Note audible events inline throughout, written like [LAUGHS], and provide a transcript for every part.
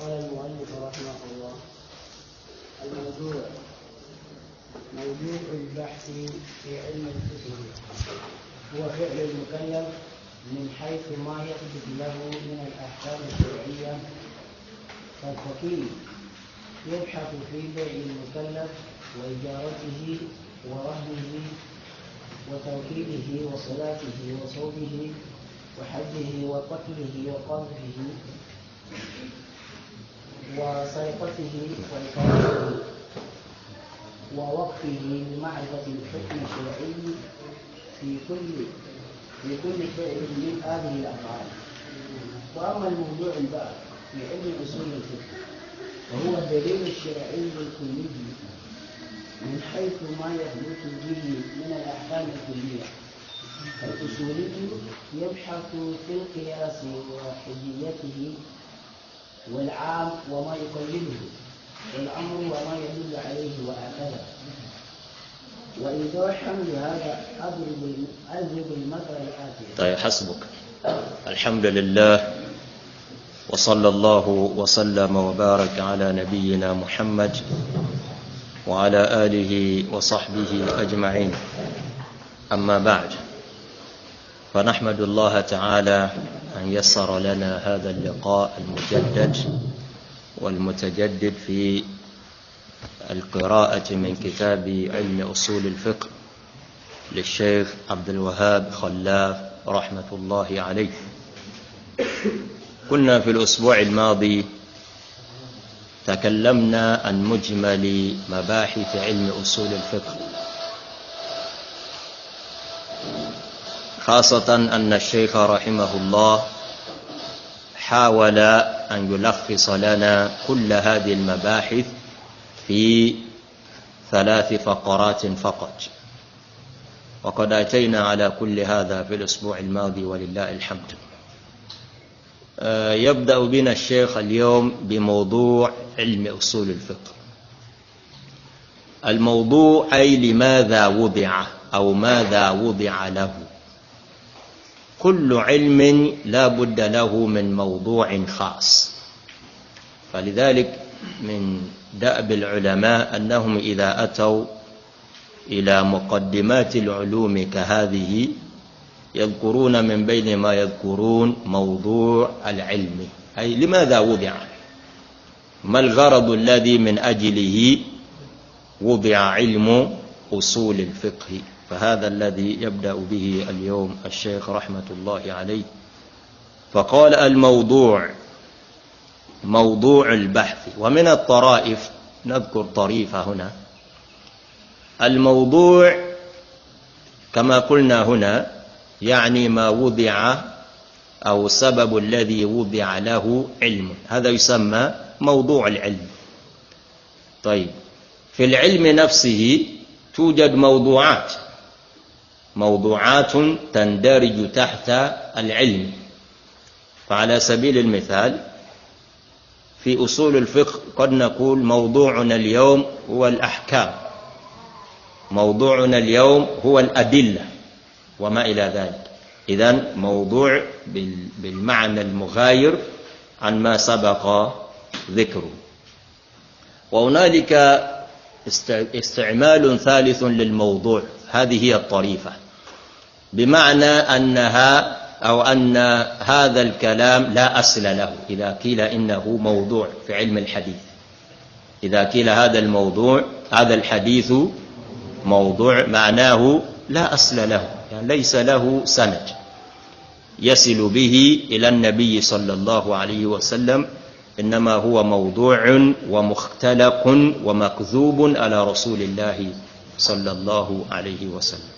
قال المؤلف رحمه الله الموضوع موضوع البحث في علم الفقه هو فعل المكلف من حيث ما يثبت له من الأحكام الشرعية فالفقيه يبحث في بيع المكلف وإجارته ورهنه وتوكيله وصلاته وصومه وحجه وقتله وقذفه وسرقته وإقامته ووقفه لمعرفة الحكم الشرعي في كل في كل فعل من هذه الأفعال وأما الموضوع الباب في علم أصول الفقه وهو الدليل الشرعي الكلي من حيث ما يثبت به من الأحكام الكلية الأصولي يبحث في القياس وحجيته والعام وما يقلده والأمر وما يدل عليه وهكذا وإذا حمل هذا أضرب أضرب المثل الآتي طيب حسبك الحمد لله وصلى الله وسلم وبارك على نبينا محمد وعلى آله وصحبه أجمعين أما بعد فنحمد الله تعالى أن يسر لنا هذا اللقاء المجدد والمتجدد في القراءة من كتاب علم أصول الفقه للشيخ عبد الوهاب خلاف رحمة الله عليه كنا في الأسبوع الماضي تكلمنا عن مجمل مباحث علم أصول الفقه خاصة أن الشيخ رحمه الله حاول أن يلخص لنا كل هذه المباحث في ثلاث فقرات فقط وقد أتينا على كل هذا في الأسبوع الماضي ولله الحمد آه، يبدأ بنا الشيخ اليوم بموضوع علم أصول الفقه الموضوع أي لماذا وضع أو ماذا وضع له كل علم لا بد له من موضوع خاص فلذلك من دأب العلماء أنهم إذا أتوا إلى مقدمات العلوم كهذه يذكرون من بين ما يذكرون موضوع العلم أي لماذا وضع ما الغرض الذي من أجله وضع علم أصول الفقه فهذا الذي يبدأ به اليوم الشيخ رحمة الله عليه فقال الموضوع موضوع البحث ومن الطرائف نذكر طريفة هنا الموضوع كما قلنا هنا يعني ما وضع أو سبب الذي وضع له علم هذا يسمى موضوع العلم طيب في العلم نفسه توجد موضوعات موضوعات تندرج تحت العلم فعلى سبيل المثال في أصول الفقه قد نقول موضوعنا اليوم هو الأحكام موضوعنا اليوم هو الأدلة وما إلى ذلك إذا موضوع بالمعنى المغاير عن ما سبق ذكره وهنالك استعمال ثالث للموضوع هذه هي الطريفة بمعنى أنها أو أن هذا الكلام لا أصل له إذا قيل إنه موضوع في علم الحديث إذا قيل هذا الموضوع هذا الحديث موضوع معناه لا أصل له يعني ليس له سند يصل به إلى النبي صلى الله عليه وسلم إنما هو موضوع ومختلق ومكذوب على رسول الله صلى الله عليه وسلم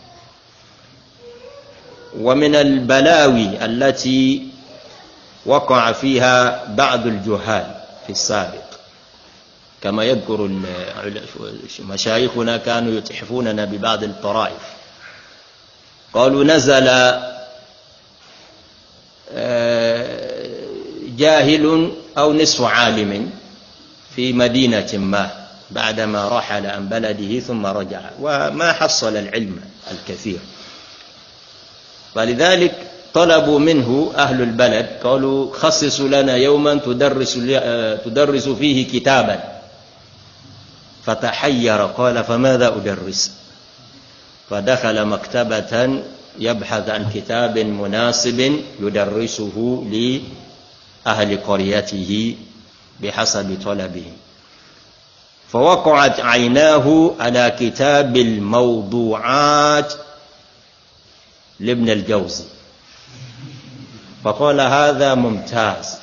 ومن البلاوي التي وقع فيها بعض الجهال في السابق كما يذكر مشايخنا كانوا يتحفوننا ببعض الطرائف قالوا نزل آه، جاهل أو نصف عالم في مدينة ما بعدما رحل عن بلده ثم رجع وما حصل العلم الكثير فلذلك طلبوا منه أهل البلد قالوا خصص لنا يوما تدرس, آه، تدرس فيه كتابا فتحير قال فماذا أدرس فدخل مكتبة يبحث عن كتاب مناسب يدرسه لأهل قريته بحسب طلبه فوقعت عيناه على كتاب الموضوعات لابن الجوزي فقال هذا ممتاز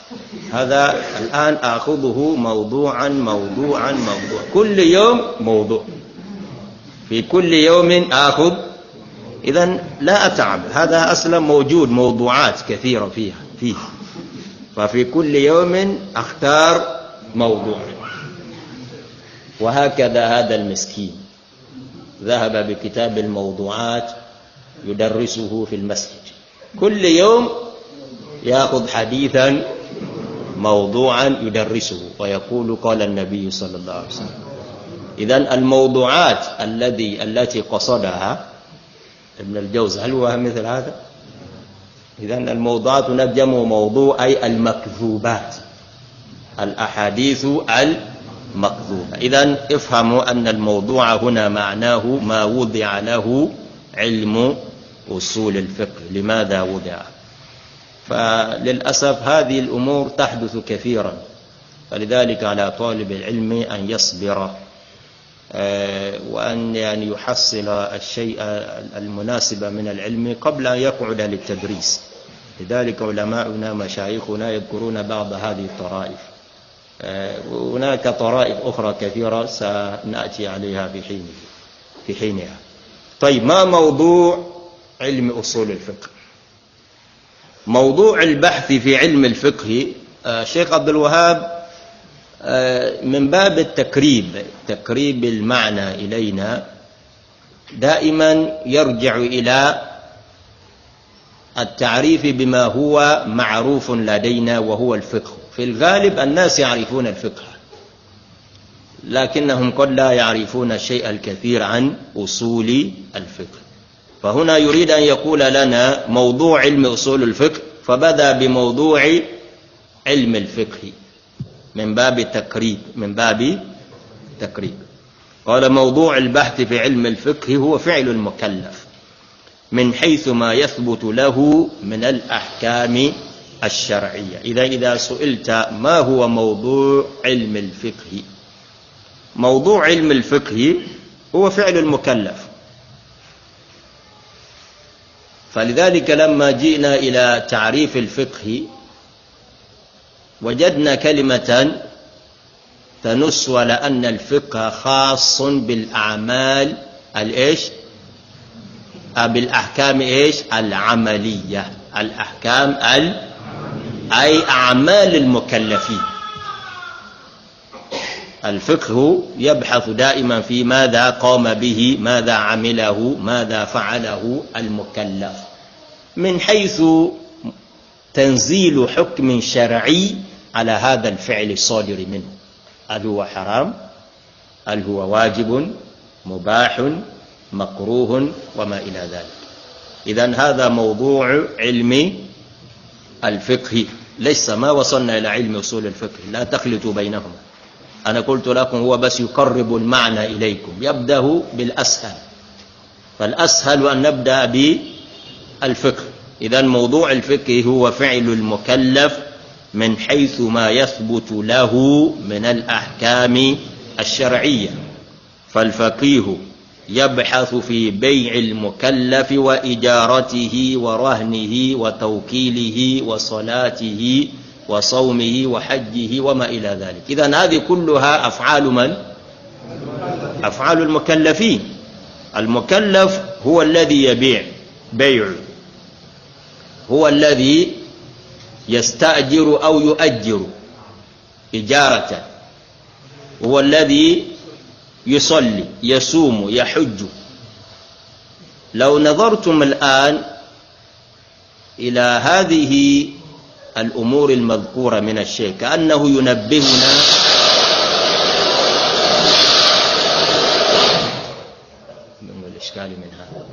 هذا الآن آخذه موضوعا موضوعا موضوع كل يوم موضوع في كل يوم آخذ إذا لا أتعب هذا أصلا موجود موضوعات كثيرة فيها فيه ففي كل يوم أختار موضوع وهكذا هذا المسكين ذهب بكتاب الموضوعات يدرسه في المسجد كل يوم ياخذ حديثا موضوعا يدرسه ويقول قال النبي صلى الله عليه وسلم اذا الموضوعات الذي التي قصدها ابن الجوز هل هو مثل هذا اذا الموضوعات نجم موضوع أي المكذوبات الأحاديث المكذوبة إذا افهموا أن الموضوع هنا معناه ما وضع له علم أصول الفقه لماذا وضع فللأسف هذه الأمور تحدث كثيرا فلذلك على طالب العلم أن يصبر آه، وأن يعني يحصل الشيء المناسب من العلم قبل أن يقعد للتدريس لذلك علماؤنا مشايخنا يذكرون بعض هذه الطرائف آه، هناك طرائف أخرى كثيرة سنأتي عليها في حينها في حينها طيب ما موضوع علم أصول الفقه موضوع البحث في علم الفقه الشيخ آه، عبد الوهاب آه، من باب التقريب تقريب المعنى إلينا دائما يرجع إلى التعريف بما هو معروف لدينا وهو الفقه في الغالب الناس يعرفون الفقه لكنهم قد لا يعرفون الشيء الكثير عن أصول الفقه فهنا يريد أن يقول لنا موضوع علم أصول الفقه فبدأ بموضوع علم الفقه من باب تقريب من باب تقريب قال موضوع البحث في علم الفقه هو فعل المكلف من حيث ما يثبت له من الأحكام الشرعية إذا إذا سئلت ما هو موضوع علم الفقه موضوع علم الفقه هو فعل المكلف فلذلك لما جئنا إلى تعريف الفقه وجدنا كلمة تنص على أن الفقه خاص بالأعمال الإيش آه، بالأحكام إيش العملية الأحكام ال أي أعمال المكلفين الفقه يبحث دائما في ماذا قام به ماذا عمله ماذا فعله المكلف من حيث تنزيل حكم شرعي على هذا الفعل الصادر منه هل هو حرام هل هو واجب مباح مكروه وما إلى ذلك إذا هذا موضوع علم الفقه ليس ما وصلنا إلى علم أصول الفقه لا تخلطوا بينهما أنا قلت لكم هو بس يقرب المعنى إليكم يبدأ بالأسهل فالأسهل أن نبدأ بالفقه إذا موضوع الفقه هو فعل المكلف من حيث ما يثبت له من الأحكام الشرعية فالفقيه يبحث في بيع المكلف وإجارته ورهنه وتوكيله وصلاته وصومه وحجه وما إلى ذلك إذا هذه كلها أفعال من؟ أفعال المكلفين المكلف هو الذي يبيع بيع هو الذي يستأجر أو يؤجر إجارة هو الذي يصلي يصوم يحج لو نظرتم الآن إلى هذه الأمور المذكورة من الشيء كأنه ينبهنا من الإشكال من هذا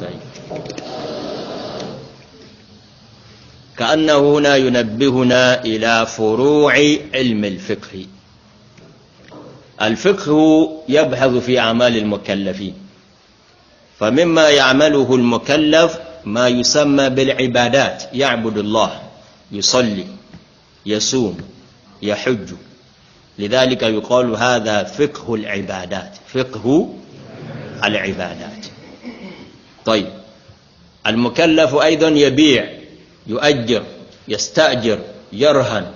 طيب. كأنه هنا ينبهنا إلى فروع علم الفقه الفقه يبحث في أعمال المكلفين فمما يعمله المكلف ما يسمى بالعبادات يعبد الله يصلي يصوم يحج لذلك يقال هذا فقه العبادات فقه العبادات طيب المكلف أيضا يبيع يؤجر يستأجر يرهن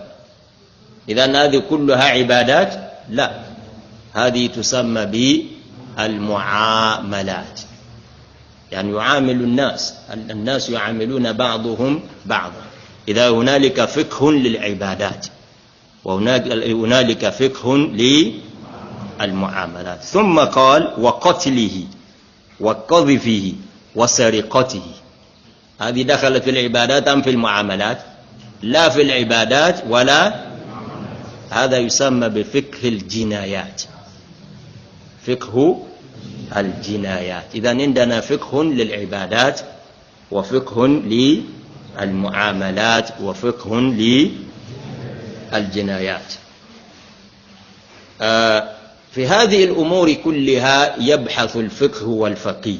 إذا هذه كلها عبادات لا هذه تسمى بالمعاملات يعني يعامل الناس الناس يعاملون بعضهم بعضا إذا هنالك فقه للعبادات وهنالك فقه للمعاملات ثم قال وقتله وقذفه وسرقته هذه دخلت في العبادات أم في المعاملات لا في العبادات ولا هذا يسمى بفقه الجنايات فقه الجنايات إذا عندنا فقه للعبادات وفقه للمعاملات وفقه للجنايات آه، في هذه الأمور كلها يبحث الفقه والفقيه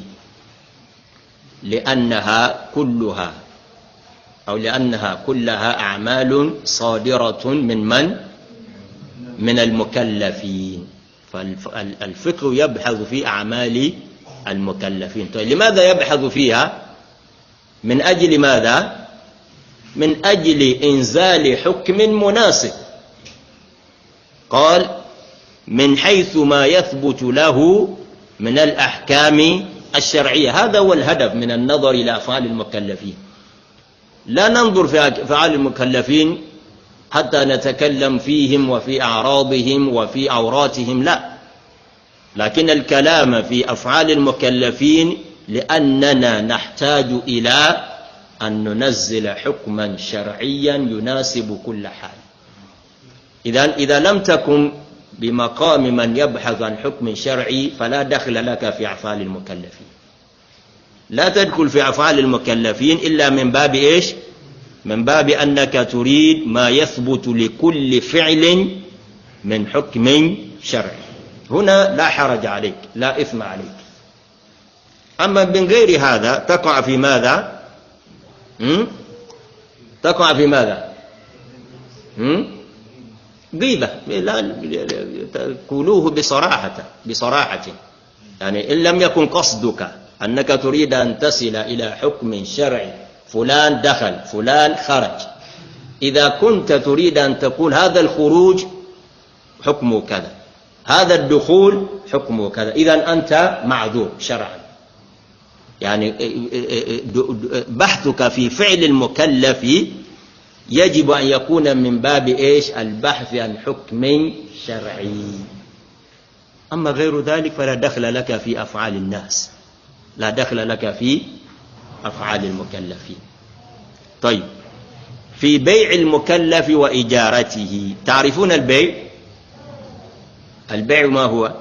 لأنها كلها أو لأنها كلها أعمال صادرة من من؟ من المكلفين فالفقه يبحث في أعمال المكلفين طيب لماذا يبحث فيها من أجل ماذا من أجل إنزال حكم مناسب قال من حيث ما يثبت له من الأحكام الشرعية هذا هو الهدف من النظر إلى أفعال المكلفين لا ننظر في أفعال المكلفين حتى نتكلم فيهم وفي أعراضهم وفي أوراتهم لا لكن الكلام في أفعال المكلفين لأننا نحتاج إلى أن ننزل حكما شرعيا يناسب كل حال إذا إذا لم تكن بمقام من يبحث عن حكم شرعي فلا دخل لك في أفعال المكلفين لا تدخل في أفعال المكلفين إلا من باب إيش من باب أنك تريد ما يثبت لكل فعل من حكم شرعي هنا لا حرج عليك لا إثم عليك أما من غير هذا تقع في ماذا م? تقع في ماذا م? غيبة لا تقولوه بصراحة بصراحة يعني إن لم يكن قصدك أنك تريد أن تصل إلى حكم شرعي فلان دخل فلان خرج إذا كنت تريد أن تقول هذا الخروج حكمه كذا هذا الدخول حكمه كذا إذا أنت معذور شرعا يعني بحثك في فعل المكلف يجب أن يكون من باب إيش البحث عن حكم شرعي أما غير ذلك فلا دخل لك في أفعال الناس لا دخل لك في أفعال المكلفين طيب في بيع المكلف وإجارته تعرفون البيع البيع ما هو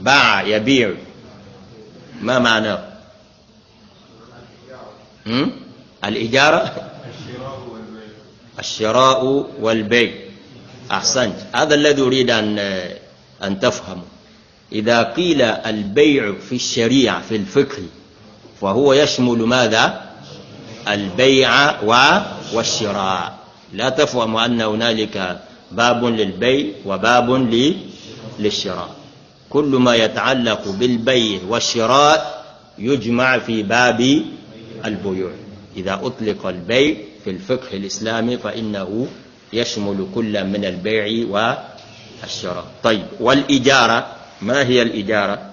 باع يبيع ما معناه الإجارة الشراء والبيع أحسنت هذا الذي أريد أن أن تفهم إذا قيل البيع في الشريعة في الفقه فهو يشمل ماذا البيع والشراء لا تفهم أن هنالك باب للبيع وباب للشراء كل ما يتعلق بالبيع والشراء يجمع في باب البيوع إذا أطلق البيع في الفقه الإسلامي فإنه يشمل كل من البيع والشراء طيب والإجارة ما هي الإجارة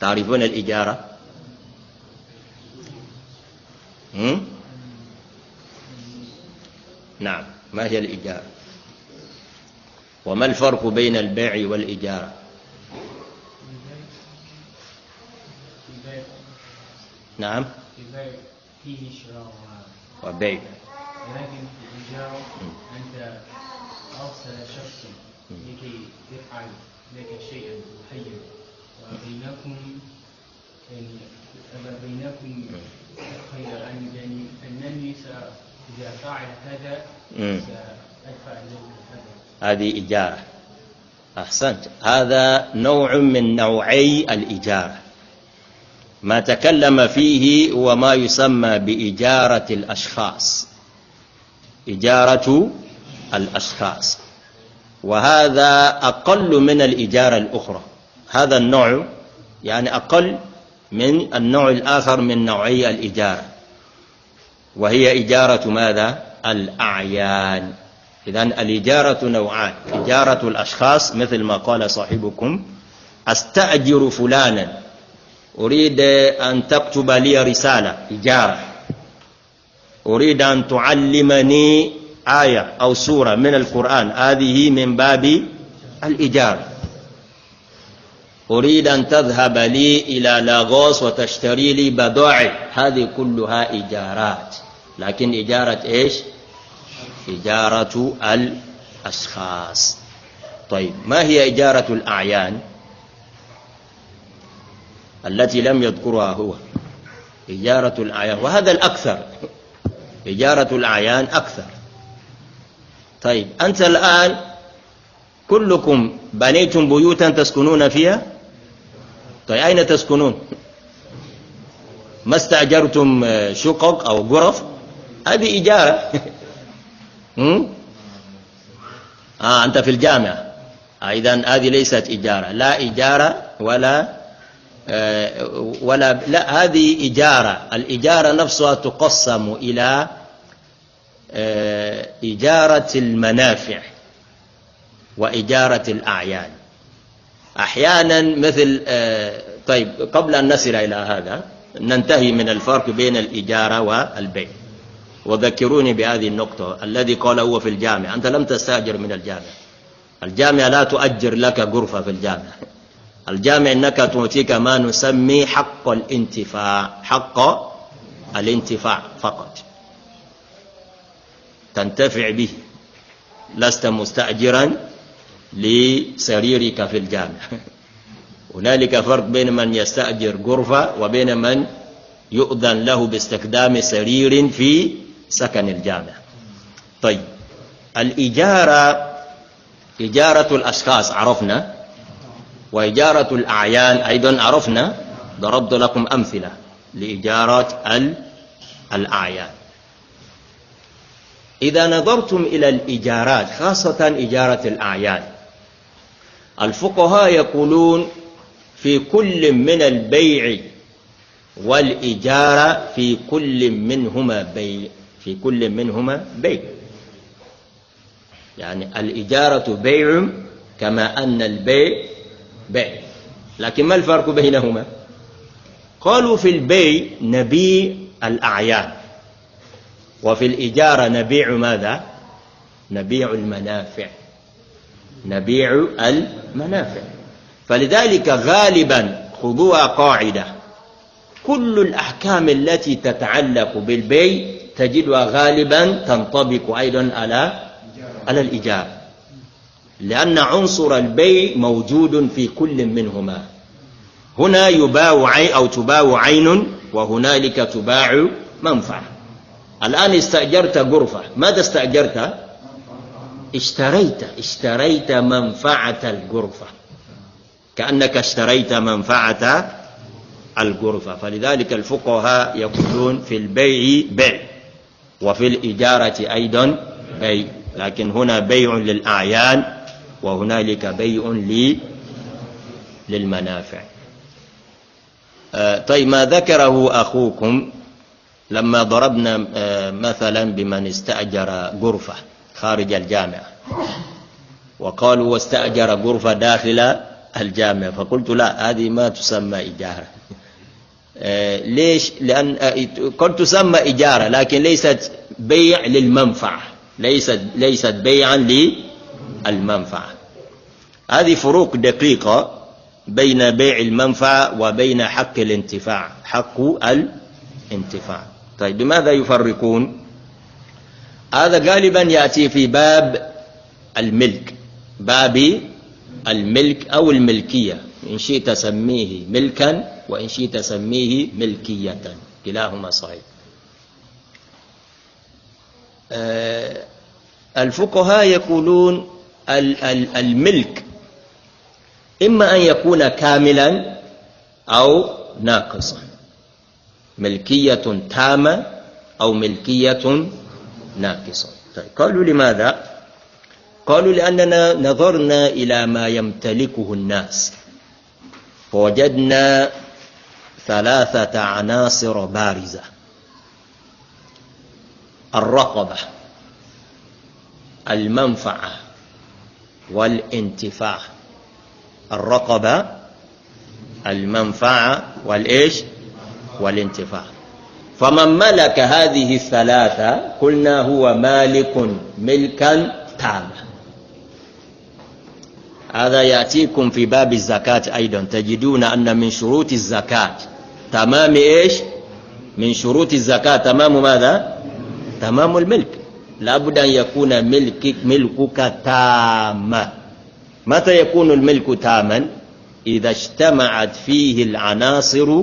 تعرفون الإجارة هم؟ نعم ما هي الإجارة وما الفرق بين البيع والإجارة نعم فيه شراء وبيع لكن في الإجارة أنت أرسل شخص لكي يفعل لك شيئا محيا وبينكم يعني بينكم خير يعني أنني سأ هذه إجارة أحسنت هذا نوع من نوعي الإجارة ما تكلم فيه هو ما يسمى بإجارة الأشخاص إجارة الأشخاص وهذا أقل من الإجارة الأخرى هذا النوع يعني أقل من النوع الآخر من نوعي الإجارة وهي إجارة ماذا الأعيان إذا الإجارة نوعان إجارة الأشخاص مثل ما قال صاحبكم أستأجر فلانا أريد أن تكتب لي رسالة إجارة أريد أن تعلمني آية أو سورة من القرآن هذه من باب الإجارة أريد أن تذهب لي إلى لاغوس وتشتري لي بضاعي هذه كلها إجارات لكن إجارة إيش إجارة الأشخاص طيب ما هي إجارة الأعيان التي لم يذكرها هو إجارة الأعيان وهذا الأكثر إجارة الأعيان أكثر طيب أنت الآن كلكم بنيتم بيوتا تسكنون فيها طيب أين تسكنون ما استأجرتم آه، شقق أو غرف هذه إجارة [LAUGHS] آه أنت في الجامعة آه إذا هذه ليست إجارة لا إجارة ولا آه، ولا لا هذه إجارة الإجارة نفسها تقسم إلى إجارة آه، المنافع وإجارة الأعيان أحيانا مثل آه، طيب قبل أن نصل إلى هذا ننتهي من الفرق بين الإجارة والبيع وذكروني بهذه النقطة الذي قال هو في الجامعة أنت لم تستأجر من الجامعة الجامعة لا تؤجر لك غرفة في الجامعة الجامع انك تعطيك ما نسمي حق الانتفاع حق الانتفاع فقط تنتفع به لست مستاجرا لسريرك في الجامع [LAUGHS] هنالك فرق بين من يستأجر غرفة وبين من يؤذن له باستخدام سرير في سكن الجامع طيب الإجارة إجارة الأشخاص عرفنا وإجارة الأعيان أيضا عرفنا ضربت لكم أمثلة لإجارة الأعيان إذا نظرتم إلى الإجارات خاصة إجارة الأعيان الفقهاء يقولون في كل من البيع والإجارة في كل منهما بيع في كل منهما بيع يعني الإجارة بيع كما أن البيع بيع لكن ما الفرق بينهما قالوا في البيع نبيع الأعيان وفي الإجارة نبيع ماذا نبيع المنافع نبيع المنافع فلذلك غالبا خذوها قاعدة كل الأحكام التي تتعلق بالبيع تجدها غالبا تنطبق أيضا على على الإجابة لأن عنصر البيع موجود في كل منهما هنا يباع عين أو تباع عين وهنالك تباع منفعة الآن استأجرت غرفة ماذا استأجرت؟ اشتريت اشتريت منفعة الغرفة كأنك اشتريت منفعة الغرفة فلذلك الفقهاء يقولون في البيع بيع وفي الإجارة أيضا بيع لكن هنا بيع للأعيان وهنالك بيع للمنافع آه، طيب ما ذكره أخوكم لما ضربنا آه، مثلا بمن استأجر غرفة خارج الجامعة وقالوا واستأجر غرفة داخل الجامعة فقلت لا هذه ما تسمى إجارة آه، ليش لأن آه، قد تسمى إجارة لكن ليست بيع للمنفعة ليست ليست بيعا للمنفعة هذه فروق دقيقة بين بيع المنفعة وبين حق الانتفاع حق الانتفاع طيب بماذا يفرقون هذا غالبا يأتي في باب الملك باب الملك أو الملكية إن شئت سميه ملكا وإن شئت سميه ملكية كلاهما صحيح آه، الفقهاء يقولون الملك إما أن يكون كاملا أو ناقصا ملكية تامة أو ملكية ناقصا طيب قالوا لماذا قالوا لأننا نظرنا إلى ما يمتلكه الناس فوجدنا ثلاثة عناصر بارزة الرقبة المنفعة والانتفاع الرقبة المنفعة والإيش والانتفاع فمن ملك هذه الثلاثة قلنا هو مالك ملكا تاما هذا يأتيكم في باب الزكاة أيضا تجدون أن من شروط الزكاة تمام إيش من شروط الزكاة تمام ماذا تمام الملك لابد أن يكون ملكك ملكك تاما متى يكون الملك تاما إذا اجتمعت فيه العناصر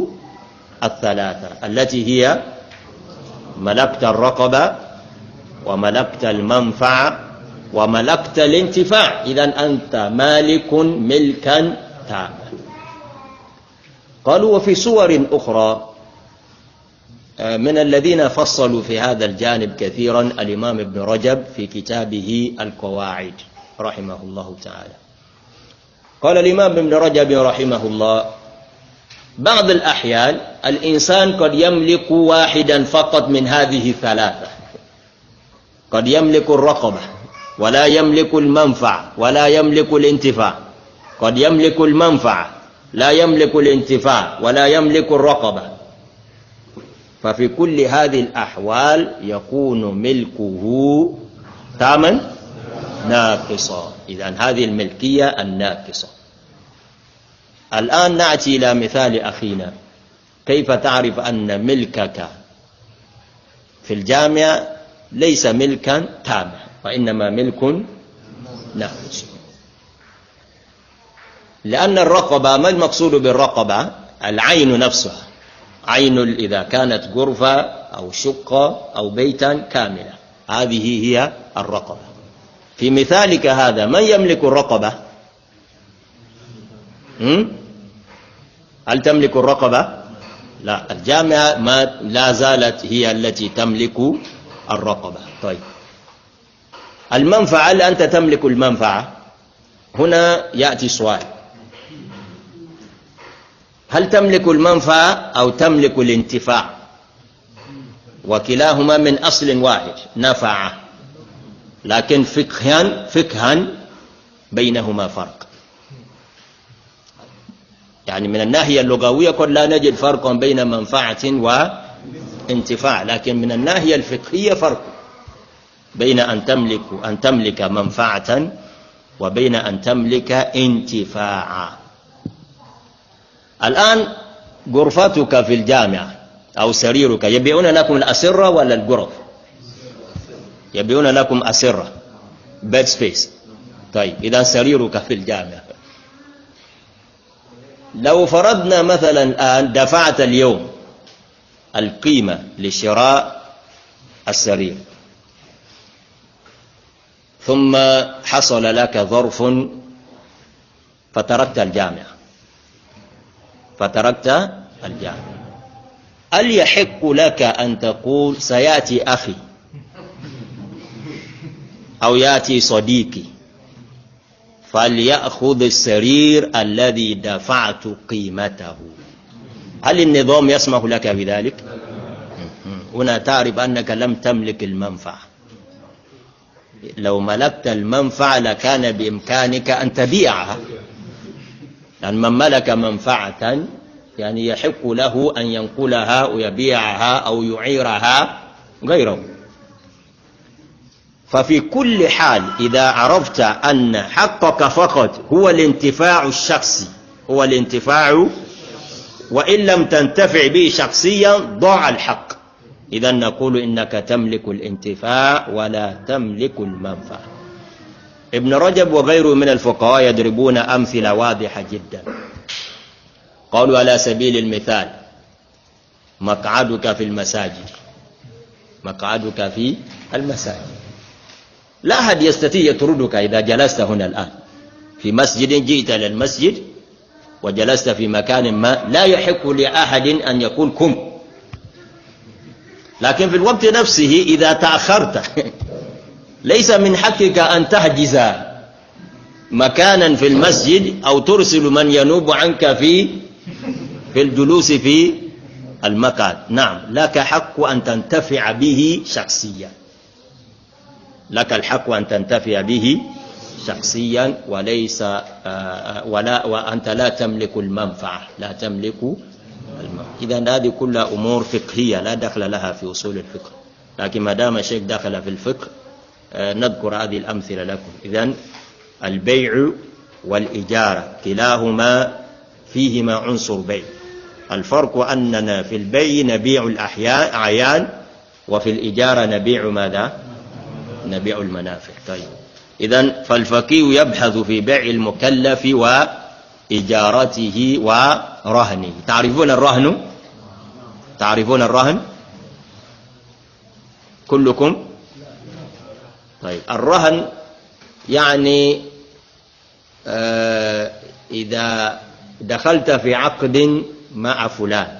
الثلاثة التي هي ملكت الرقبة وملكت المنفعة وملكت الانتفاع إذا أنت مالك ملكا تاما قالوا وفي صور أخرى آه، من الذين فصلوا في هذا الجانب كثيرا الإمام ابن رجب في كتابه القواعد رحمه الله تعالى قال الإمام ابن رجب رحمه الله بعض الأحيان الإنسان قد يملك واحدا فقط من هذه الثلاثة قد يملك الرقبة ولا يملك المنفع ولا يملك الانتفاع قد يملك المنفع لا يملك الانتفاع ولا يملك الرقبة ففي كل هذه الأحوال يكون ملكه تاما ناقصا إذا هذه الملكية الناقصة الآن نأتي إلى مثال أخينا كيف تعرف أن ملكك في الجامعة ليس ملكا تاما وإنما ملك ناقص لأن الرقبة ما المقصود بالرقبة العين نفسها عين إذا كانت غرفة أو شقة أو بيتا كاملة هذه هي الرقبة في مثالك هذا من يملك الرقبة هم؟ هل تملك الرقبة لا الجامعة ما لا زالت هي التي تملك الرقبة طيب المنفعة هل أنت تملك المنفعة هنا يأتي سؤال هل تملك المنفعة أو تملك الانتفاع وكلاهما من أصل واحد نفعة لكن فقها فقها بينهما فرق يعني من الناحية اللغوية قد لا نجد فرقا بين منفعة وانتفاع لكن من الناحية الفقهية فرق بين أن تملك أن تملك منفعة وبين أن تملك انتفاعا الآن غرفتك في الجامعة أو سريرك يبيعون لكم الأسرة ولا الغرف يبيعون لكم أسرة بيد سبيس طيب إذا سريرك في الجامعة لو فرضنا مثلا الآن دفعت اليوم القيمة لشراء السرير ثم حصل لك ظرف فتركت الجامعة فتركت الجامعة هل يحق لك أن تقول سيأتي أخي أو يأتي صديقي فليأخذ السرير الذي دفعت قيمته هل النظام يسمح لك بذلك هنا تعرف أنك لم تملك المنفعة لو ملكت المنفعة لكان بإمكانك أن تبيعها لأن من ملك منفعة يعني يحق له أن ينقلها ويبيعها أو يعيرها غيره ففي كل حال إذا عرفت أن حقك فقط هو الانتفاع الشخصي هو الانتفاع وإن لم تنتفع به شخصيا ضاع الحق إذا نقول إنك تملك الانتفاع ولا تملك المنفعة ابن رجب وغيره من الفقهاء يضربون أمثلة واضحة جدا قالوا على سبيل المثال مقعدك في المساجد مقعدك في المساجد لا أحد يستطيع يطردك إذا جلست هنا الآن في مسجد جئت للمسجد وجلست في مكان ما لا يحق لأحد أن يقول كم لكن في الوقت نفسه إذا تأخرت [LAUGHS] ليس من حقك أن تحجز مكانا في المسجد أو ترسل من ينوب عنك في [LAUGHS] في الجلوس في المقعد نعم لك حق أن تنتفع به شخصيا لك الحق أن تنتفع به شخصيا وليس آه، ولا وأنت لا تملك المنفعة لا تملك المنفعة إذا هذه كلها أمور فقهية لا دخل لها في أصول الفقه لكن ما دام الشيخ دخل في الفقه آه، نذكر هذه الأمثلة لكم إذا البيع والإجارة كلاهما فيهما عنصر بيع الفرق أننا في البيع نبيع الأحياء عيان وفي الإجارة نبيع ماذا نبيع المنافع طيب إذا فالفقيه يبحث في بيع المكلف وإجارته ورهنه تعرفون الرهن تعرفون الرهن كلكم طيب الرهن يعني آه، إذا دخلت في عقد مع فلان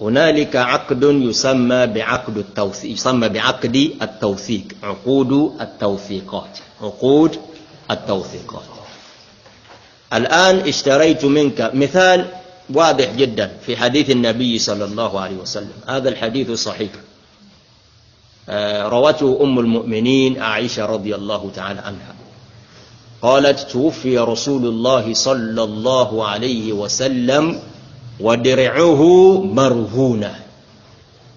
هنالك عقد يسمى بعقد التوثيق يسمى بعقد التوثيق عقود التوثيقات عقود التوثيقات الآن اشتريت منك مثال واضح جدا في حديث النبي صلى الله عليه وسلم هذا الحديث صحيح آه، روته أم المؤمنين عائشة رضي الله تعالى عنها قالت توفي رسول الله صلى الله عليه وسلم ودرعه مرهونة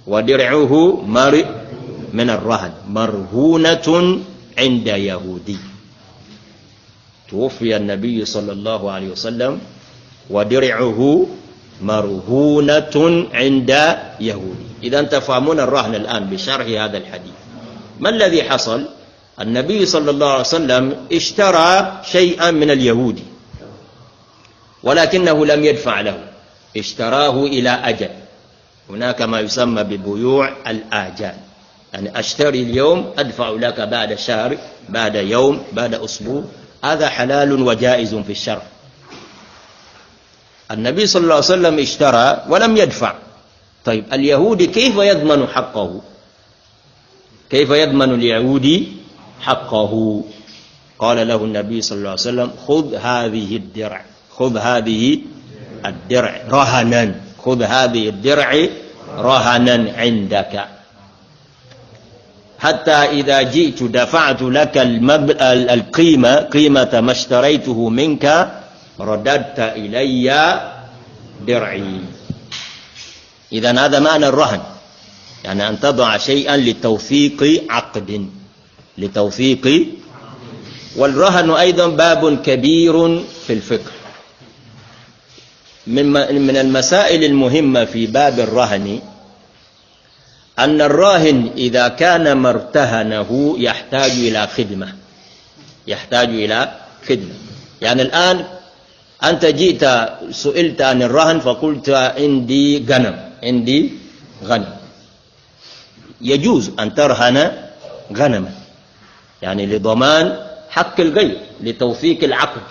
ودرعه مر من الرهن مرهونة عند يهودي توفي النبي صلى الله عليه وسلم ودرعه مرهونة عند يهودي إذا تفهمون الرهن الآن بشرح هذا الحديث ما الذي حصل النبي صلى الله عليه وسلم اشترى شيئا من اليهودي ولكنه لم يدفع له اشتراه إلى أجل هناك ما يسمى ببيوع الآجال يعني أشتري اليوم أدفع لك بعد شهر بعد يوم بعد أسبوع هذا حلال وجائز في الشرع النبي صلى الله عليه وسلم اشترى ولم يدفع طيب اليهودي كيف يضمن حقه كيف يضمن اليهودي حقه قال له النبي صلى الله عليه وسلم خذ هذه الدرع خذ هذه الدرع رهنا خذ هذه الدرع رهنا عندك حتى إذا جئت دفعت لك القيمة قيمة ما اشتريته منك رددت إلي درعي إذا هذا معنى الرهن يعني أن تضع شيئا لتوثيق عقد لتوثيق والرهن أيضا باب كبير في الفقه من المسائل المهمة في باب الرهن أن الراهن إذا كان ما ارتهنه يحتاج إلى خدمة يحتاج إلى خدمة يعني الآن أنت جئت سئلت عن الرهن فقلت عندي غنم عندي غنم يجوز أن ترهن غنما يعني لضمان حق الغير لتوثيق العقد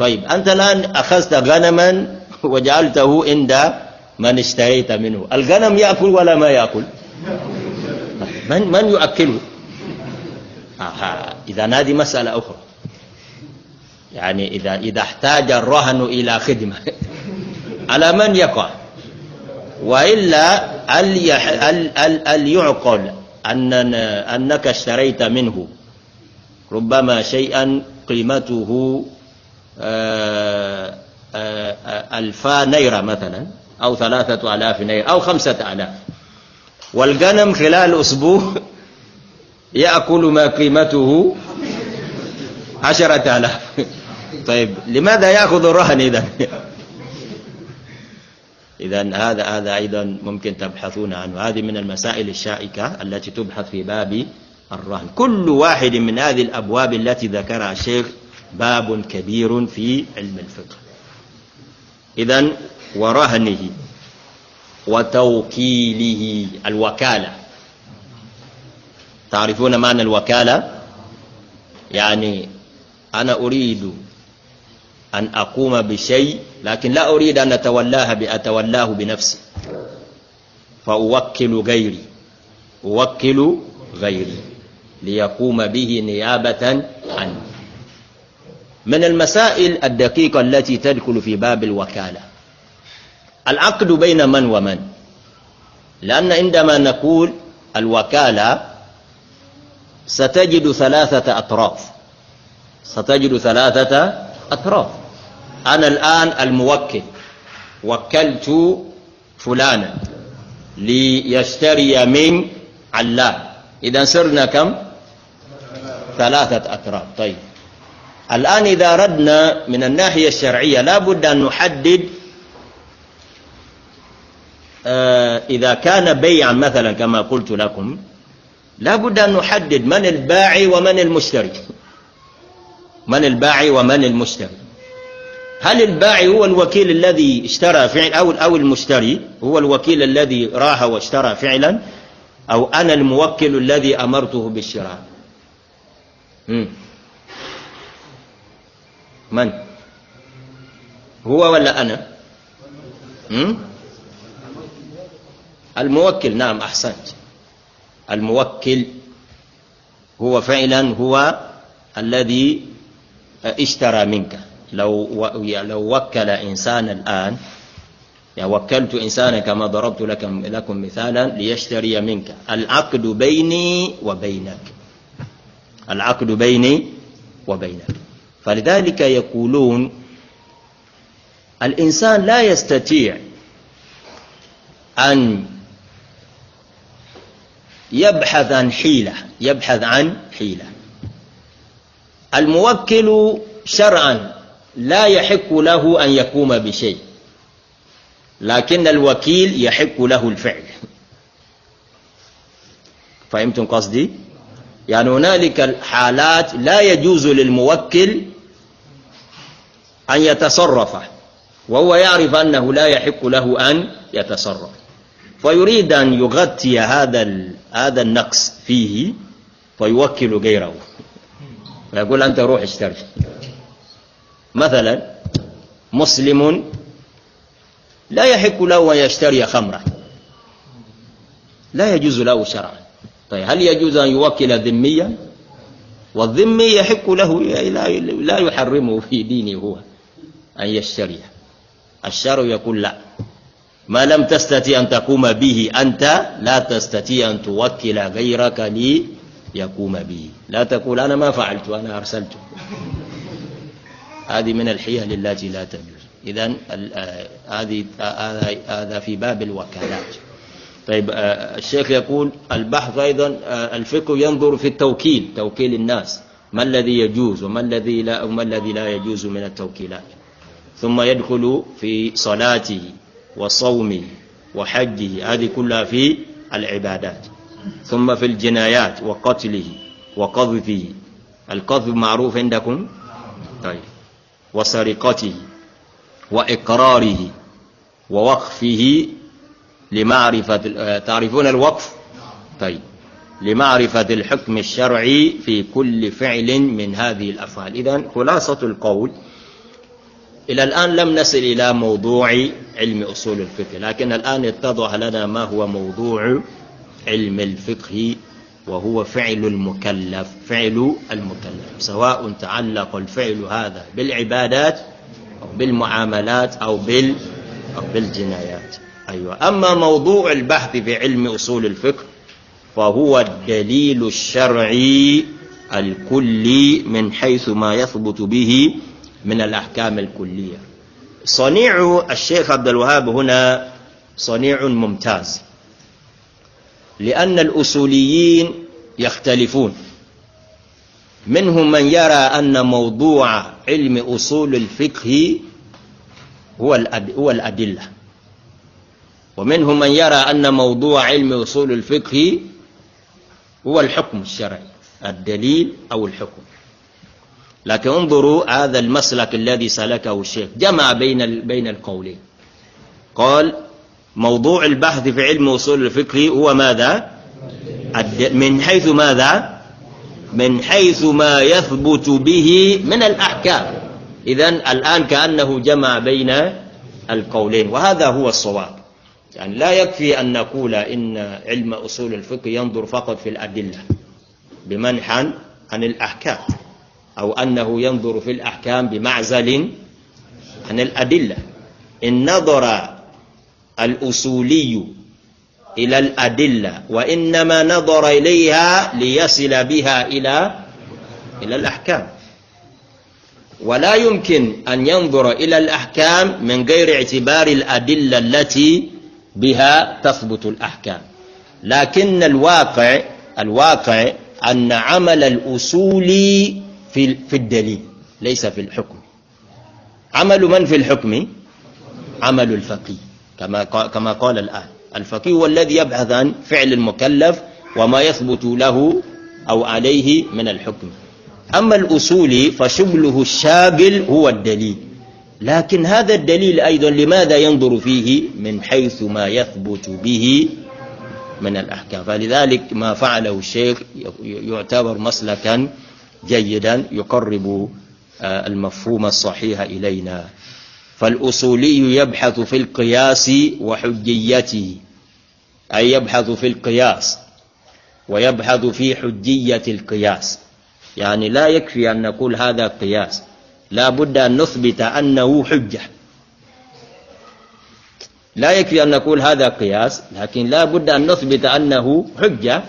طيب أنت الآن أخذت غنما [LAUGHS] وجعلته عند من اشتريت منه الغنم يأكل ولا ما يأكل من, من يؤكله آه، إذا هذه مسألة أخرى يعني إذا, إذا احتاج الرهن إلى خدمة [LAUGHS] على من يقع وإلا هل يعقل أن أنك اشتريت منه ربما شيئا قيمته آه، آه، آه، ألفا نيرة مثلا أو ثلاثة ألاف نيرة أو خمسة ألاف والغنم خلال أسبوع [LAUGHS] يأكل ما قيمته عشرة ألاف [LAUGHS] طيب لماذا يأخذ الرهن إذا [LAUGHS] إذا هذا هذا أيضا ممكن تبحثون عنه هذه من المسائل الشائكة التي تبحث في باب الرهن كل واحد من هذه الأبواب التي ذكرها الشيخ باب كبير في علم الفقه إذا ورهنه وتوكيله الوكالة تعرفون معنى الوكالة يعني أنا أريد أن أقوم بشيء لكن لا أريد أن أتولاه أتولاه بنفسي فأوكل غيري أوكل غيري ليقوم به نيابة عني من المسائل الدقيقة التي تدخل في باب الوكالة العقد بين من ومن لأن عندما نقول الوكالة ستجد ثلاثة أطراف ستجد ثلاثة أطراف أنا الآن الموكل وكلت فلانا ليشتري من علام إذا صرنا كم ثلاثة أطراف طيب الآن إذا أردنا من الناحية الشرعية لا بد أن نحدد آه، إذا كان بيعا مثلا كما قلت لكم لا بد أن نحدد من الباعي ومن المشتري من الباعي ومن المشتري هل الباعي هو الوكيل الذي اشترى فعلا أو أو المشتري هو الوكيل الذي راه واشترى فعلا أو أنا الموكل الذي أمرته بالشراء؟ من هو ولا أنا م? الموكل نعم أحسنت الموكل هو فعلا هو الذي اشترى منك لو لو وكل إنسان الآن يعني وكلت إنسانا كما ضربت لكم, لكم مثالا ليشتري منك العقد بيني وبينك العقد بيني وبينك فلذلك يقولون الإنسان لا يستطيع أن يبحث عن حيلة يبحث عن حيلة الموكل شرعا لا يحق له أن يقوم بشيء لكن الوكيل يحق له الفعل فهمتم قصدي؟ يعني هنالك الحالات لا يجوز للموكل أن يتصرف وهو يعرف أنه لا يحق له أن يتصرف فيريد أن يغطي هذا هذا النقص فيه فيوكل غيره فيقول أنت روح اشتري مثلا مسلم لا يحق له أن يشتري خمرة لا يجوز له شرعا طيب هل يجوز أن يوكل ذميا والذمي يحق له لا يحرمه في دينه هو أن يشتريها الشرع يقول لا ما لم تستطيع أن تقوم به أنت لا تستطيع أن توكل غيرك ليقوم به لا تقول أنا ما فعلت أنا أرسلت هذه من الحيل التي لا تجوز إذا آه، هذه آه، هذا في باب الوكالات طيب آه، الشيخ يقول البحث أيضا الفقه ينظر في التوكيل توكيل الناس ما الذي يجوز وما الذي لا وما الذي لا يجوز من التوكيلات ثم يدخل في صلاته وصومه وحجه هذه كلها في العبادات ثم في الجنايات وقتله وقذفه القذف معروف عندكم طيب وسرقته وإقراره ووقفه لمعرفة آه، تعرفون الوقف طيب لمعرفة الحكم الشرعي في كل فعل من هذه الأفعال إذن خلاصة القول إلى الآن لم نصل إلى موضوع علم أصول الفقه لكن الآن اتضح لنا ما هو موضوع علم الفقه وهو فعل المكلف فعل المكلف سواء تعلق الفعل هذا بالعبادات أو بالمعاملات أو, بال أو بالجنايات أيوة أما موضوع البحث في علم أصول الفقه فهو الدليل الشرعي الكلي من حيث ما يثبت به من الأحكام الكلية صنيع الشيخ عبد الوهاب هنا صنيع ممتاز لأن الأصوليين يختلفون منهم من يرى أن موضوع علم أصول الفقه هو هو الأدلة ومنهم من يرى أن موضوع علم أصول الفقه هو الحكم الشرعي الدليل أو الحكم لكن انظروا هذا المسلك الذي سلكه الشيخ جمع بين بين القولين قال موضوع البحث في علم اصول الفقه هو ماذا من حيث ماذا من حيث ما يثبت به من الأحكام إذا الآن كأنه جمع بين القولين وهذا هو الصواب يعني لا يكفي أن نقول إن علم أصول الفقه ينظر فقط في الأدلة بمنحا عن الأحكام أو أنه ينظر في الأحكام بمعزل عن الأدلة إن نظر الأصولي إلى الأدلة وإنما نظر إليها ليصل بها إلى إلى الأحكام ولا يمكن أن ينظر إلى الأحكام من غير اعتبار الأدلة التي بها تثبت الأحكام لكن الواقع الواقع أن عمل الأصولي في في الدليل ليس في الحكم عمل من في الحكم عمل الفقيه كما كما قال الآن الفقيه هو الذي يبحث عن فعل المكلف وما يثبت له أو عليه من الحكم أما الأصول فشمله الشامل هو الدليل لكن هذا الدليل أيضا لماذا ينظر فيه من حيث ما يثبت به من الأحكام فلذلك ما فعله الشيخ يعتبر مسلكا جيدا يقرب آه، المفهوم الصحيح إلينا فالأصولي يبحث في القياس وحجيته أي يبحث في القياس ويبحث في حجية القياس يعني لا يكفي أن نقول هذا قياس لا بد أن نثبت أنه حجة لا يكفي أن نقول هذا قياس لكن لا بد أن نثبت أنه حجة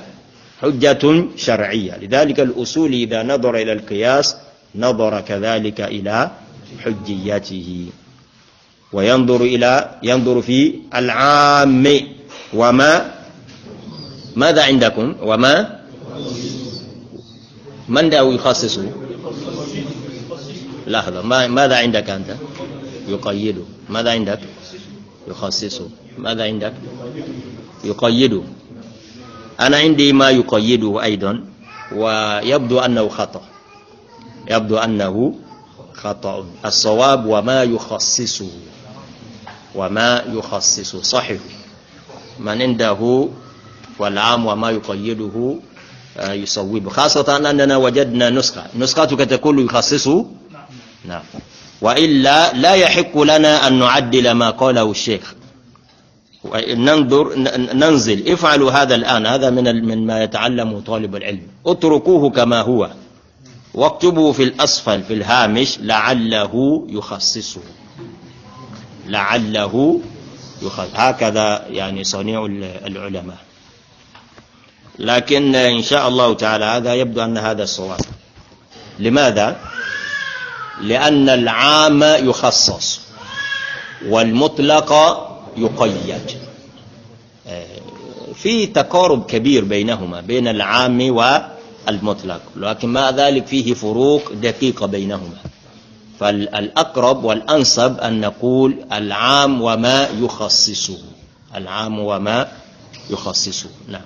حجة شرعية لذلك الأصول إذا نظر إلى القياس نظر كذلك إلى حجيته وينظر إلى ينظر في العام وما ماذا عندكم وما من دعوا يخصص لحظة ماذا عندك أنت يقيد ماذا عندك يخصصه ماذا عندك يقيد أنا عندي ما يقيده أيضا ويبدو أنه خطأ يبدو أنه خطأ الصواب وما يخصصه وما يخصصه صحيح من عنده والعام وما يقيده آه، يصوب خاصة أننا وجدنا نسخة نسختك تقول يخصصه نعم. نعم وإلا لا يحق لنا أن نعدل ما قاله الشيخ ننظر ننزل افعلوا هذا الآن هذا من من ما يتعلمه طالب العلم اتركوه كما هو واكتبوا في الأسفل في الهامش لعله يخصصه لعله يخصص هكذا يعني صنيع العلماء لكن إن شاء الله تعالى هذا يبدو أن هذا الصواب لماذا؟ لأن العام يخصص والمطلق يقيد آه، في تقارب كبير بينهما بين العام والمطلق لكن مع ذلك فيه فروق دقيقة بينهما فالأقرب والأنسب أن نقول العام وما يخصصه العام وما يخصصه نعم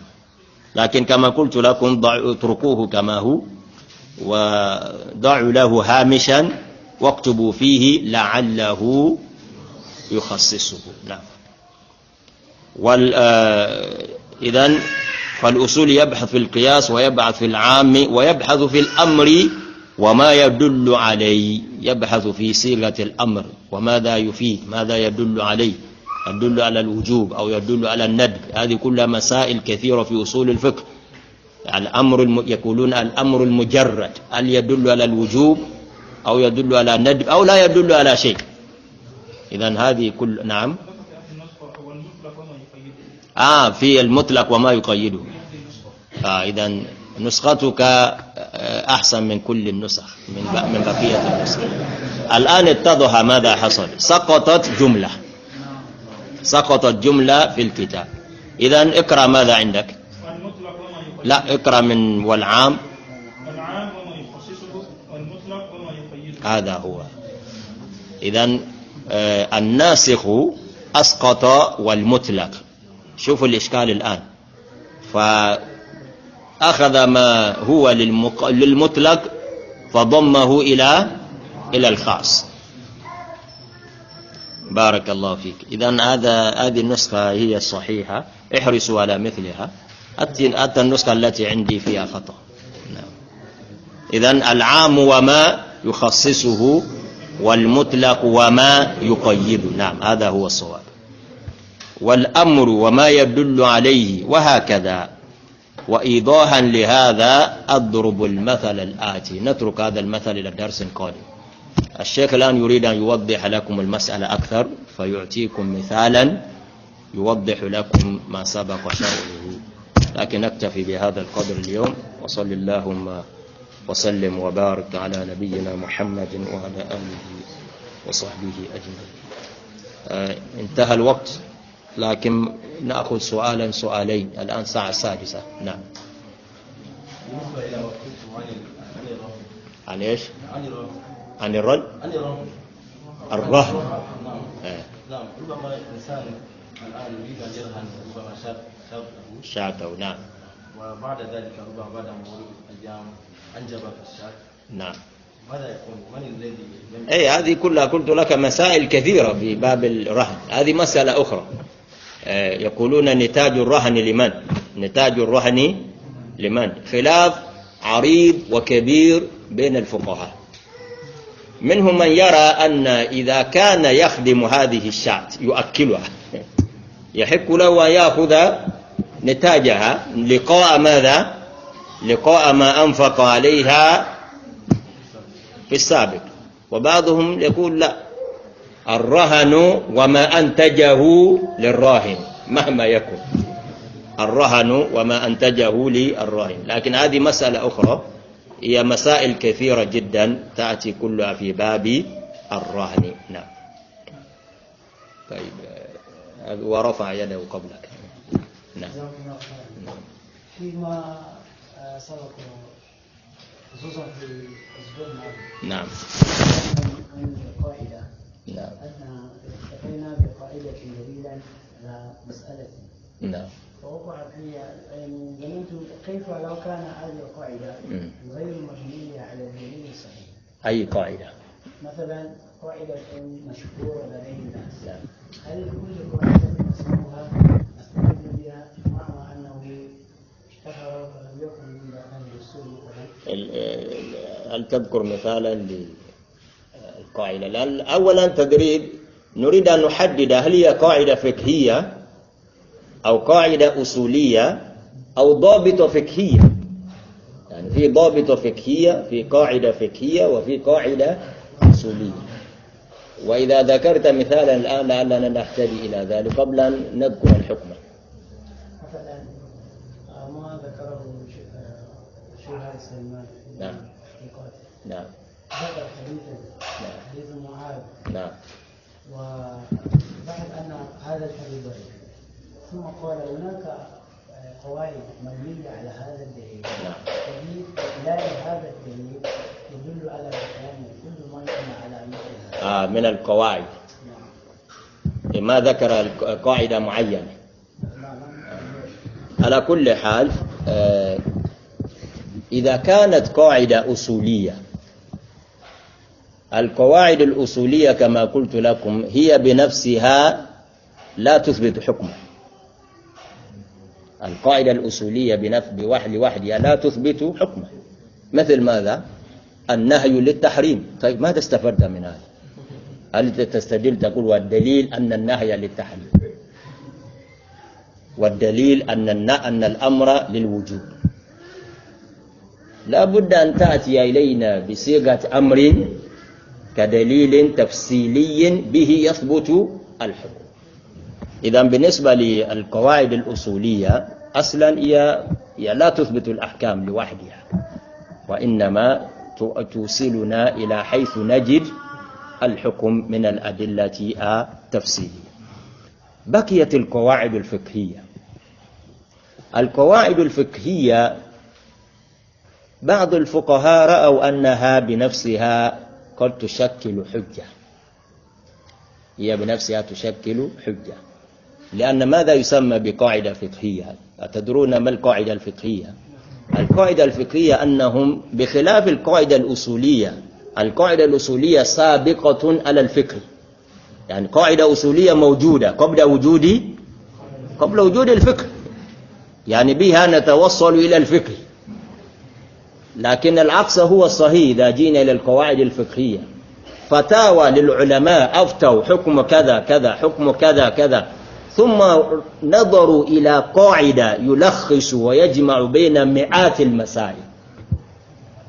لكن كما قلت لكم اتركوه كما هو وضعوا له هامشا واكتبوا فيه لعله يخصصه نعم وال آه، إذا فالأصول يبحث في القياس ويبحث في العام ويبحث في الأمر وما يدل عليه يبحث في صيغة الأمر وماذا يفيد ماذا يدل عليه يدل على الوجوب أو يدل على الندب هذه كلها مسائل كثيرة في أصول الفقه الأمر الم... يقولون الأمر المجرد هل يدل على الوجوب أو يدل على الندب أو لا يدل على شيء إذا هذه كل نعم آه في المطلق وما يقيده آه إذا نسختك آه، أحسن من كل النسخ من من بقية النسخ الآن اتضح ماذا حصل سقطت جملة سقطت جملة في الكتاب إذا اقرأ ماذا عندك لا اقرأ من والعام وما يخصصه والمطلق وما يقيده هذا هو إذا آه، الناسخ أسقط والمطلق شوفوا الإشكال الآن فأخذ ما هو للمق... للمطلق فضمه إلى إلى الخاص بارك الله فيك إذا هذا هذه النسخة هي الصحيحة احرصوا على مثلها أتى النسخة التي عندي فيها خطأ نعم. إذا العام وما يخصصه والمطلق وما يقيده نعم هذا هو الصواب والأمر وما يدل عليه وهكذا وإيضاحا لهذا أضرب المثل الآتي نترك هذا المثل إلى الدرس القادم الشيخ الآن يريد أن يوضح لكم المسألة أكثر فيعطيكم مثالا يوضح لكم ما سبق شرعه لكن نكتفي بهذا القدر اليوم وصل اللهم وسلم وبارك على نبينا محمد وعلى آله وصحبه أجمعين آه، انتهى الوقت لكن نأخذ سؤالا سؤالين الآن الساعة السادسة نعم عن إيش عن الرهن عن الرد عن الرهن نعم إيه. نعم ربما إنسان الآن يريد أن يرهن ربما شاته شاته نعم وبعد ذلك ربما بعد مرور أيام أنجب الشات نعم ماذا يكون من الذي اي هذه كلها قلت لك مسائل كثيرة في باب الرهن هذه مسألة أخرى آه، يقولون نتاج الرهن لمن نتاج الرهن لمن خلاف عريض وكبير بين الفقهاء منهم من يرى أن إذا كان يخدم هذه الشاة يؤكلها يحق له أن يأخذ نتاجها لقاء ماذا لقاء ما أنفق عليها في السابق وبعضهم يقول لا الرهن وما أنتجه للراهن مهما يكن الرهن وما أنتجه للراهن لكن هذه مسألة أخرى هي مسائل كثيرة جدا تأتي كلها في باب الرهن نعم طيب ورفع يده قبلك نعم, نعم. فيما آه، سبق خصوصا في الاسبوع نعم القاعده نعم أنها التقينا بقاعدة جديدة على مسألة نعم فوقعت لي يعني ظننت كيف لو كان هذه القاعدة غير مبنية على الدليل الصحيح أي قاعدة؟ مثلا قاعدة مشهورة لديه الناس نعم. هل كل قاعدة نسموها نستدل بها مع أنه اشتهر ولم يكن من أهل السوء هل تذكر مثالا ل القاعدة لأن أولا تدريب نريد أن نحدد هل هي قاعدة فقهية أو قاعدة أصولية أو ضابطة فقهية يعني في ضابطة فقهية في قاعدة فقهية وفي قاعدة أصولية وإذا ذكرت مثالا الآن لعلنا نهتدي إلى ذلك قبل أن نذكر الحكم مثلا آه، ما ذكره شيخ آه، سلمان نعم نعم ذكر حديثا حديث معاذ نعم ولاحظ ان هذا الحديث ضعيف ثم قال هناك قواعد مبنيه على هذا الدليل نعم الحديث لا هذا الدليل يدل على بطلان كل ما يبنى على مثل آه من القواعد نعم. ما ذكر قاعدة معينة على كل حال آه، إذا كانت قاعدة أصولية القواعد الأصولية كما قلت لكم هي بنفسها لا تثبت حكما القاعدة الأصولية بنفس بوحد لوحدها لا تثبت حكما مثل ماذا النهي للتحريم طيب ماذا استفدت من هذا هل تستدل تقول والدليل أن النهي للتحريم والدليل أن أن الأمر للوجوب لا بد أن تأتي إلينا بصيغة أمر كدليل تفصيلي به يثبت الحكم إذا بالنسبة للقواعد الأصولية أصلا هي, هي لا تثبت الأحكام لوحدها وإنما توصلنا إلى حيث نجد الحكم من الأدلة التفصيلية بقيت القواعد الفقهية القواعد الفقهية بعض الفقهاء رأوا أنها بنفسها قد تشكل حجة هي بنفسها تشكل حجة لأن ماذا يسمى بقاعدة فقهية أتدرون ما القاعدة الفقهية القاعدة الفقهية أنهم بخلاف القاعدة الأصولية القاعدة الأصولية سابقة على الفقه يعني قاعدة أصولية موجودة قبل وجود قبل وجود الفقه يعني بها نتوصل إلى الفقه لكن العكس هو الصحيح إذا جينا إلى القواعد الفقهية فتاوى للعلماء أفتوا حكم كذا كذا حكم كذا كذا ثم نظروا إلى قاعدة يلخص ويجمع بين مئات المسائل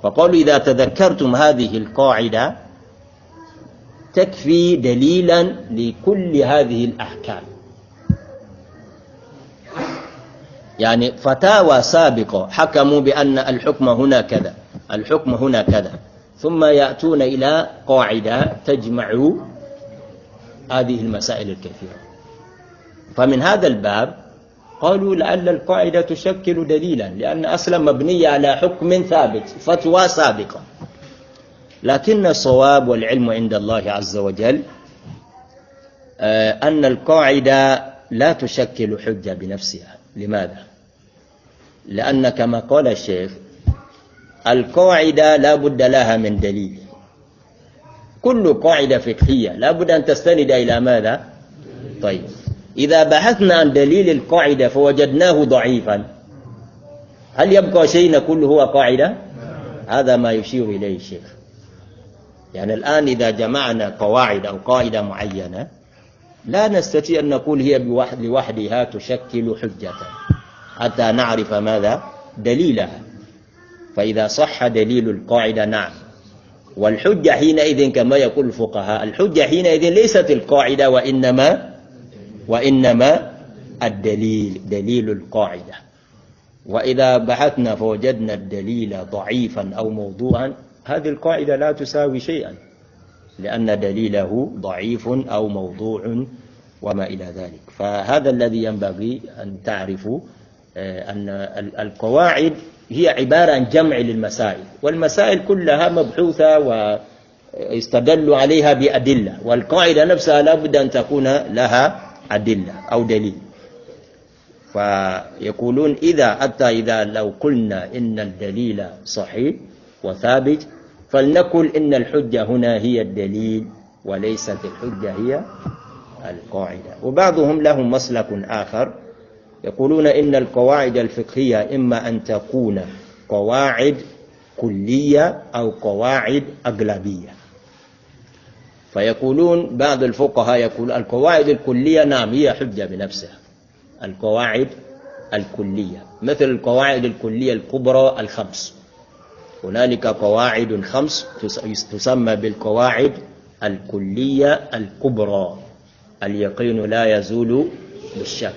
فقالوا إذا تذكرتم هذه القاعدة تكفي دليلا لكل هذه الأحكام يعني فتاوى سابقة حكموا بأن الحكم هنا كذا الحكم هنا كذا ثم يأتون إلى قاعدة تجمع هذه المسائل الكثيرة فمن هذا الباب قالوا لعل القاعدة تشكل دليلا لأن أصلا مبنية على حكم ثابت فتوى سابقة لكن الصواب والعلم عند الله عز وجل آه، أن القاعدة لا تشكل حجة بنفسها لماذا لأن كما قال الشيخ القاعدة لا بد لها من دليل كل قاعدة فقهية لا بد أن تستند إلى ماذا طيب إذا بحثنا عن دليل القاعدة فوجدناه ضعيفا هل يبقى شيء نقول هو قاعدة هذا ما يشير إليه الشيخ يعني الآن إذا جمعنا قواعد أو قاعدة معينة لا نستطيع أن نقول هي بوحد لوحدها تشكل حجة حتى نعرف ماذا دليلها فإذا صح دليل القاعدة نعم والحجة حينئذ كما يقول الفقهاء الحجة حينئذ ليست القاعدة وإنما وإنما الدليل دليل القاعدة وإذا بحثنا فوجدنا الدليل ضعيفا أو موضوعا هذه القاعدة لا تساوي شيئا لأن دليله ضعيف أو موضوع وما إلى ذلك فهذا الذي ينبغي أن تعرفوا آه، أن القواعد هي عبارة عن جمع للمسائل والمسائل كلها مبحوثة ويستدل عليها بأدلة والقاعدة نفسها لابد أن تكون لها أدلة أو دليل فيقولون إذا حتى إذا لو قلنا إن الدليل صحيح وثابت فلنقل إن الحجة هنا هي الدليل وليست الحجة هي القاعدة وبعضهم لهم مسلك آخر يقولون إن القواعد الفقهية إما أن تكون قواعد كلية أو قواعد أغلبية فيقولون بعض الفقهاء يقول القواعد الكلية نعم هي حجة بنفسها القواعد الكلية مثل القواعد الكلية الكبرى الخمس هنالك قواعد خمس تسمى بالقواعد الكلية الكبرى اليقين لا يزول بالشك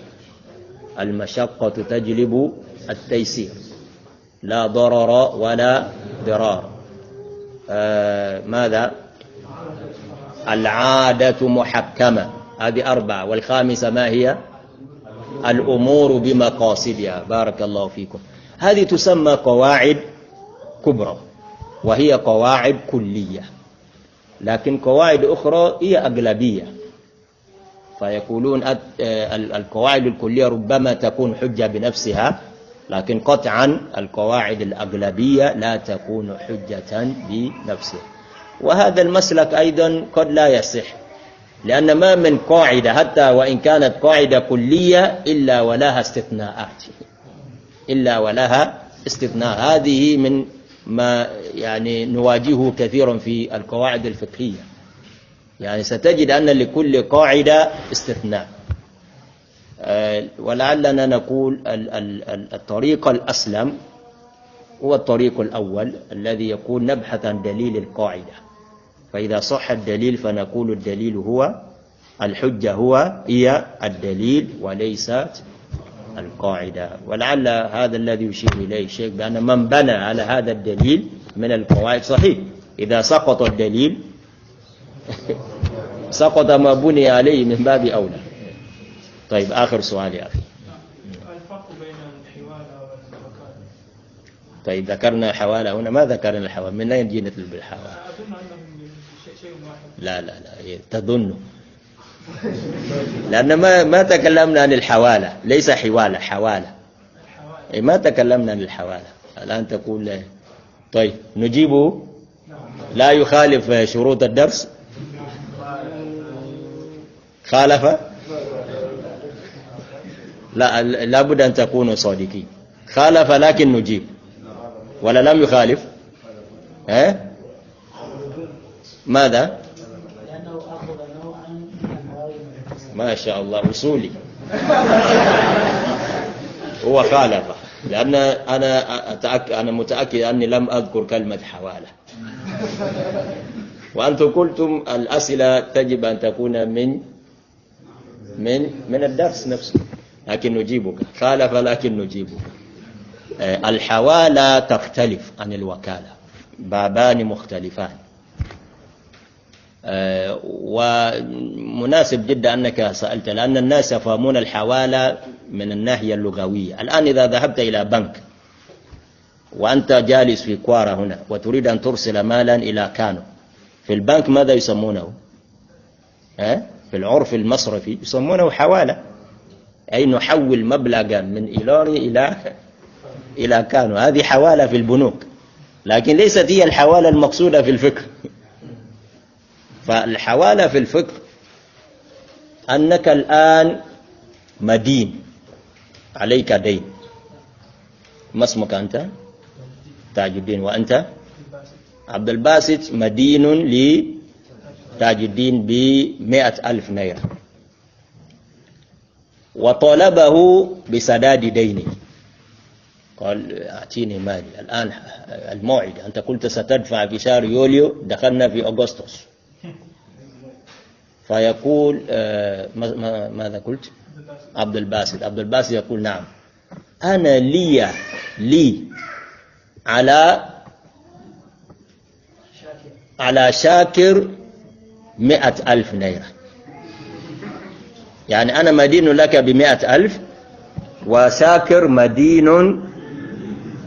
المشقة تجلب التيسير لا ضرر ولا ضرار آه ماذا العادة محكمة هذه أربعة والخامسة ما هي الأمور بمقاصدها بارك الله فيكم هذه تسمى قواعد كبرى وهي قواعد كلية لكن قواعد أخرى هي أغلبية فيقولون آه، القواعد الكلية ربما تكون حجة بنفسها لكن قطعا القواعد الأغلبية لا تكون حجة بنفسها وهذا المسلك أيضا قد لا يصح لأن ما من قاعدة حتى وإن كانت قاعدة كلية إلا ولها استثناءات إلا ولها استثناء هذه من ما يعني نواجهه كثيرا في القواعد الفقهية يعني ستجد أن لكل قاعدة استثناء آه، ولعلنا نقول الطريق الأسلم هو الطريق الأول الذي يكون نبحث عن دليل القاعدة فإذا صح الدليل فنقول الدليل هو الحجة هو هي الدليل وليست القاعدة ولعل هذا الذي يشير إليه الشيخ بأن من بنى على هذا الدليل من القواعد صحيح إذا سقط الدليل [LAUGHS] سقط ما بني عليه من باب أولى طيب آخر سؤال يا أخي طيب ذكرنا الحوالة هنا ما ذكرنا الحوالة من أين جينا بالحوالة لا لا لا إيه، تظنه [LAUGHS] لأن ما ما تكلمنا عن الحوالة ليس حوالة حوالة إيه، ما تكلمنا عن الحوالة الآن تقول طيب نجيبه لا يخالف شروط الدرس خالف لا لابد أن تكونوا صادقين خالف لكن نجيب ولا لم يخالف ها ماذا ما شاء الله وصولي هو خالف لأن أنا أتأكد أنا متأكد أني لم أذكر كلمة حوالة وأنتم قلتم الأسئلة تجب أن تكون من من من الدرس نفسه لكن نجيبك خالف لكن نجيبك آه، الحوالة تختلف عن الوكالة بابان مختلفان ومناسب جدا أنك سألت لأن الناس يفهمون الحوالة من الناحية اللغوية الآن إذا ذهبت إلى بنك وأنت جالس في كوارا هنا وتريد أن ترسل مالا إلى كانو في البنك ماذا يسمونه في العرف المصرفي يسمونه حوالة أي نحول مبلغا من إيلوري إلى إلى كانو هذه حوالة في البنوك لكن ليست هي الحوالة المقصودة في الفكر فالحوالة في الفقه أنك الآن مدين عليك دين ما اسمك أنت تاج الدين وأنت عبد الباسط مدين لتاج الدين بمئة ألف نيرة وطلبه بسداد دينه قال أعطيني مالي الآن الموعد أنت قلت ستدفع في شهر يوليو دخلنا في أغسطس فيقول آه، ماذا قلت عبد الباسط عبد الباسط يقول نعم أنا لي لي على على شاكر مئة ألف ليرة يعني أنا مدين لك بمئة ألف وشاكر مدين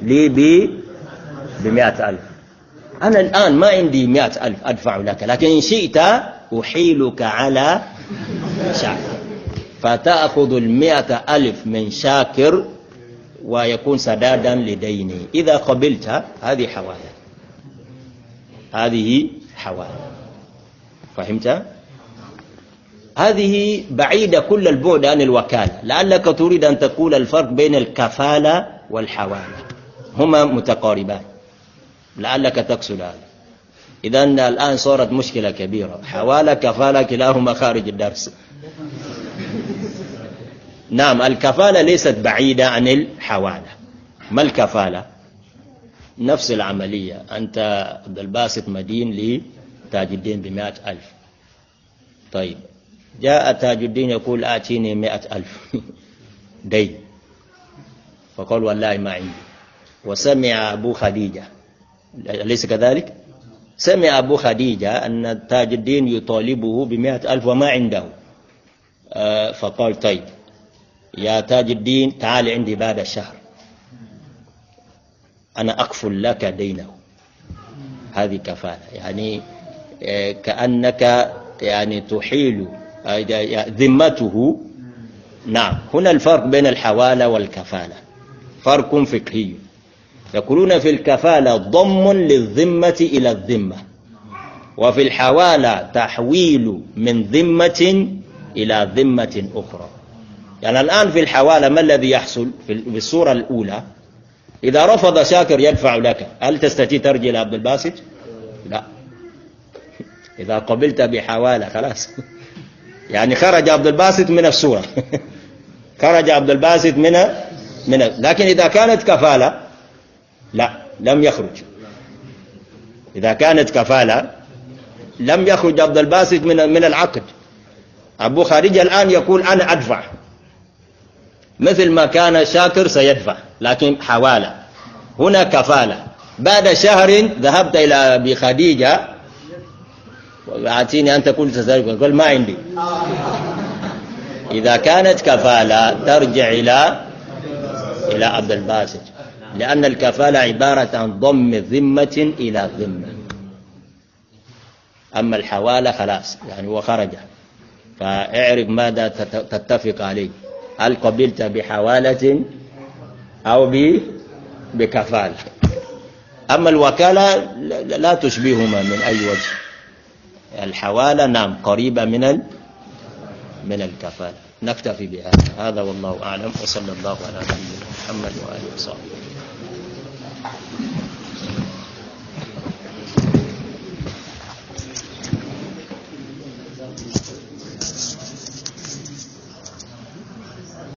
لي بمئة ألف أنا الآن ما عندي مئة ألف أدفع لك لكن إن شئت أحيلك على شاكر فتأخذ المئة ألف من شاكر ويكون سدادا لديني إذا قبلت هذه حوالة هذه حوالة فهمت؟ هذه بعيدة كل البعد عن الوكالة لعلك تريد أن تقول الفرق بين الكفالة والحوالة هما متقاربان لعلك تكسل هذا إذا الآن صارت مشكلة كبيرة حوالة كفالة كلاهما خارج الدرس نعم الكفالة ليست بعيدة عن الحوالة ما الكفالة نفس العملية أنت عبد الباسط مدين لتاج الدين بمائة ألف طيب جاء تاج الدين يقول آتيني مائة ألف دين فقال والله ما عندي وسمع أبو خديجة أليس كذلك؟ سمع أبو خديجة أن تاج الدين يطالبه بمئة ألف وما عنده آه، فقال طيب يا تاج الدين تعال عندي بعد الشهر أنا أكفل لك دينه هذه كفالة يعني آه، كأنك يعني تحيل آه، ذمته نعم هنا الفرق بين الحوالة والكفالة فرق فقهي يقولون في الكفالة ضم للذمة إلى الذمة وفي الحوالة تحويل من ذمة إلى ذمة أخرى يعني الآن في الحوالة ما الذي يحصل في الصورة الأولى إذا رفض شاكر يدفع لك هل تستطيع ترجع إلى عبد الباسط لا إذا قبلت بحوالة خلاص [LAUGHS] يعني خرج عبد الباسط من الصورة [LAUGHS] خرج عبد الباسط من من لكن إذا كانت كفالة لا لم يخرج إذا كانت كفالة لم يخرج عبد الباسط من من العقد أبو خارج الآن يقول أنا أدفع مثل ما كان شاكر سيدفع لكن حوالة هنا كفالة بعد شهر ذهبت إلى أبي خديجة أعطيني أنت كل تسألك قال ما عندي إذا كانت كفالة ترجع إلى إلى عبد الباسط لأن الكفالة عبارة عن ضم ذمة إلى ذمة أما الحوالة خلاص يعني هو خرج فاعرف ماذا تتفق عليه هل قبلت بحوالة أو بكفالة أما الوكالة لا تشبههما من أي وجه الحوالة نعم قريبة من من الكفالة نكتفي بهذا هذا والله أعلم وصلى الله على نبينا محمد وآله وصحبه